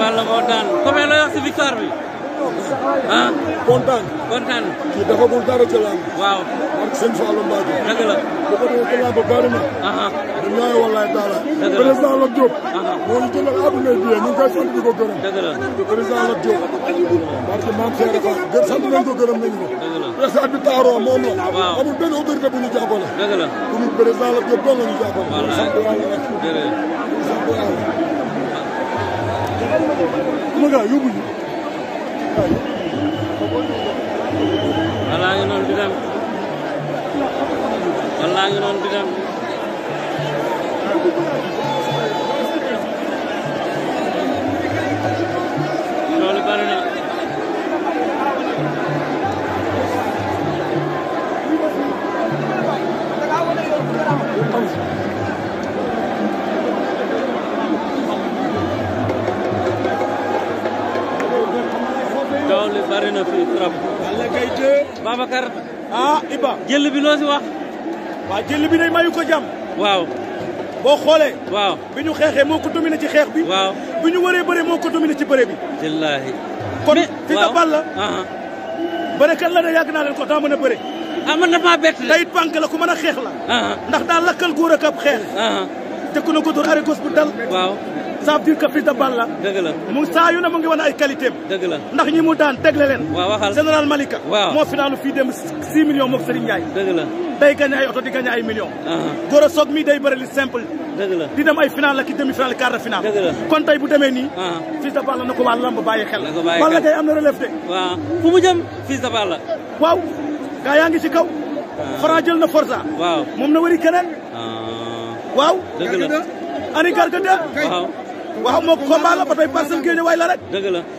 Balla moo daan combien la wax si victoire bi. ah kontaan. kontaan. kii dafa bul dara ci lamb. waaw. ak sëñ Fallou Mbacke. dëgg la. bu ko defee ci lamb na. dañ laa wallaay taala. dëgg la président Lat Diop. moom itam nag bi ñu ngi koy sant di ko gërëm. dëgg la président Lat Diop. parce que maam Cheikh Fall gër sant nañ ko gërëm nañ ko. dëgg la président bi taaroo la. waaw amul benn autorité bu ñu jàppale. dëgg la bu ñu président Lat Diop la ñu jàppale. voilà jërëjëf sant ma gars yóbbu ñu. walla ngi noonu di dem walla ngi noonu di dem. doy na fii trop. yàlla ngay jë. Babacar. ah Iba. jël bi loo si wax. waaw jël bi day mayu ko jàmm. waaw. boo xoolee. waaw bi ñu xeexee moo ko dominé ci xeex bi. waaw bi ñu waree bëree moo ko dominé ci bëre bi. wallaahi. kon fi nga bal la. bëre kan la ne yàgg naa leen ko daa mën a bëre. ah man damaa bett de. tey it banque la ku mën a xeex la. ndax daa lakkal góor ak ab xeex. te ku ne ko dóor arigos bu dal. waaw. ça veut dire que Fils de Balla mu saa yu ne mu ngi wane ay qualité am ndax ñi mu daan tegle leen général Malika moo finaalu fii dem 6 millions mook Serigne Ndiaye day gagné oto di gagné ay góor a soog mii day bëri li simple di dem ay final la ki demi final quart de final kon tey bu demee nii Fils de Balla na ko waa lamb bàyyi xel Balla Gaye am na relève de fu mu jëm Fils de Balla waaw gaa yaa ngi ci kaw Franc jël na Forza moom na wëri keneen waaw waaw moo combat la ba tey parcelle géej waay la rek.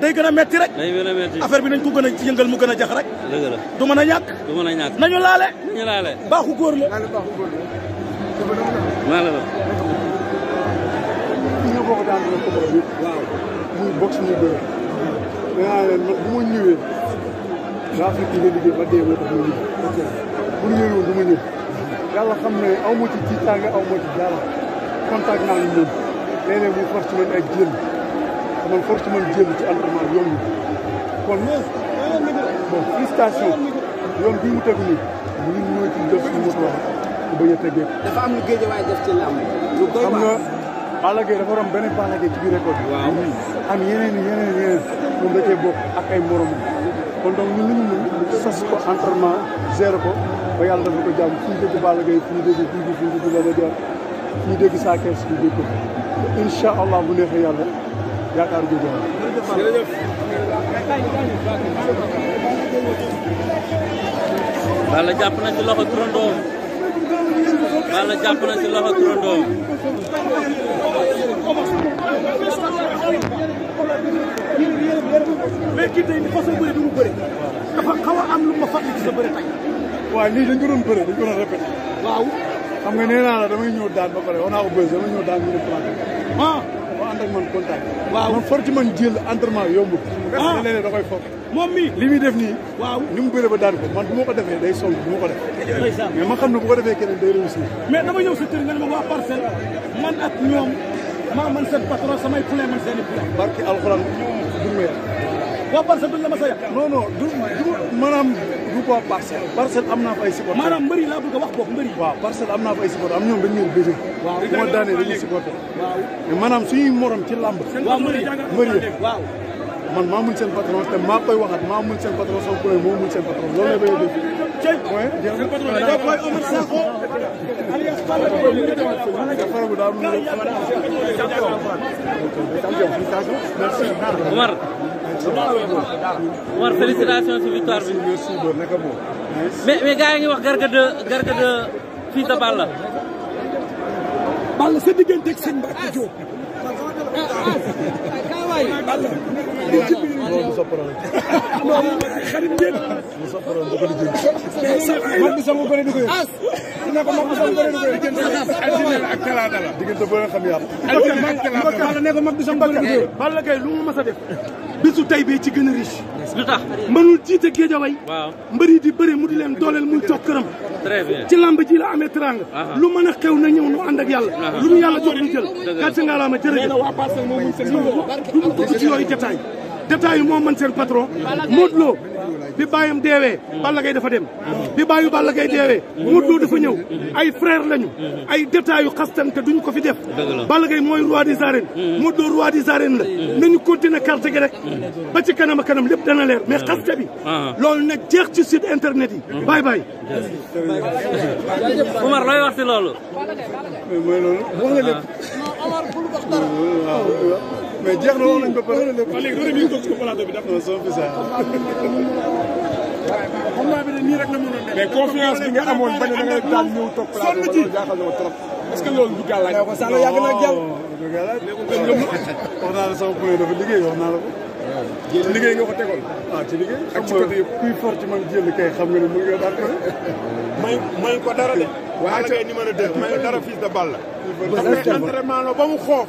day gën a metti rek. day a metti affaire bi nañ ko gën a yëngal mu gën a jax rek. dëgg la du mën a ñàkk. du mën a ñàkk nañu laale. nañu laale baaxu góor la. maa ma ñëwee. daa fekk nga liggéey ma ñëw. xam ne aw ma ci tiitaange aw ma ci dara naa ni ñoom. léeg-léeg muy force mën ay jéem te man force mën jéem ci entraînement yomb kon bon frustration yoon bii mu teg nii ñun ñoo ci def suñu moto ku bañ a tegee. kam am lu géej waaye def dafa rom beneen Balla Gaye ci am yeneen yeneen yeneen moom da cee bokk ak ay moromam. kon donc ñun ñu ngi sas ko entraînement gérer ko ba yàlla dafa ko jàmm fu ñu dégg Balla Gaye fu ñu dégg Gouye Gui fu ñu dégg Lalla Diagne fu ñu dégg Sa Thiès fu ko. incha allah bu neexee yàlla yaakaar jooju Balla jàpp na ci loxo turandoom Balla na ci loxo turandoom mais kii tey façon bëri du mu bëri dafa xaw a am lu ma fàttali ci sa bëri tey waaw lii xam nga nee naa la damay ñëw daan ba pare on a obligé damay ñëw daan ñu ne planté ah ba ànd ak man contact. waaw man forti man jël entraînement yomb. ah léeg-léeg da koy foog. moom mi li muy def nii. waaw ni daan ko man bu ma ko defee day sol bu ma ko def. ma xam ne bu ko defee keneen day réussir. mais dama ñëw sa kër nga ne ma waa parcelle man ak ñoom maa man seen patron samay poulain man seen i poulain. alxuraan du waa parcelle duñ la ma sa yàq. non non pourquoi parcelle parcelle am naa fa ay supporter maanaam mbëri laa bëgg a wax boog mbëri waaw parcelle am naa fa ay supporter am ñoom dañ leen bégee waaw bu ma daanee dañuy supporter waaw mais maanaam suñuy morom ci làmb waaw mbëri mbëri waaw man maa mun seen patron te maa koy waxat maa mun seen patron sama problème moo mun seen patron loolu la bëgg a dégg Omar Sakho Omar félicitations ci victoire bi. mais mais gars yi ngi wax Garga de Garga de fils de sa diggante ak sëñ Mbacke Diop. Balla. na ko moom du sama Balla ne lu mu mës a def. bisu tey bii ci gën a riche. jiite géejaway. waaw mbëri di bëri mu di leen dooleel muy toog këram. très bien ci lamb ji la amee teraanga. Ah, ah. lu mën a xew na ñëw nu ànd ak yàlla. Ah, lu ñu yàlla jox ñu jël. dëgg la gàcce mu dugg ci yooyu moo mën seen patron Modou Lo bi bàyyam deewee Balla Gaye dafa dem bi bàyyu Balla Gaye deewee Modou Lô dafa ñëw ay frère lañu ay détails yu xastante duñ ko fi def Balla Gaye mooy roi des arènes Modou Lô roi des arènes la nañu continuer carte gi rek ba kanam kanam lépp dana leer mais xaste bi ah. loolu nag jeex ci sit internet yi bàyyi bàyyi Omar looy wax mais jeex na wax nañ ba pare. léegi ñu toog ci plateau bi def na son bizarre. combat bi de nii rek la mënoon mais confiance bi nga amoon ba ne da ngay daal ñëw toog plateau ba jaaxal na ma trop. est-ce que loolu du gàllaaj. waaw Saalum yàgg na ak jàll. du gàllaaj wax naa la sama point dafa liggéey wax naa la ko. waaw liggéey nga ko tegoon. ah ci liggéey. ak ci côté kuy fort ci man jël kay xam nga ne mën nga daan ko. may may ko dara de. waaw Balla Gaye numéro 2 may ko dara fils de Balla. ba entraînement la ba mu xoof.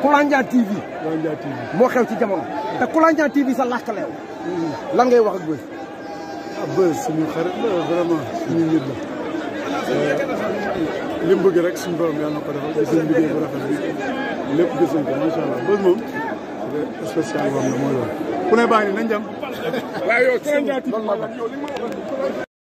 Kulandia TV. Kulandia TV moo xew ci jamono. te Kulandia TV sa làkk leew lan wax ak Beuz. ah suñu xarit la vraiment suñu nit la. Euh, li mu bëgg rek suñu borom yàlla na ko defal gis bu rafet bi lépp gis nañu ko macha allah Beuz moom. spécial boobu la mooy loolu. ku ne baa ngi nii nañ dem. waaw yow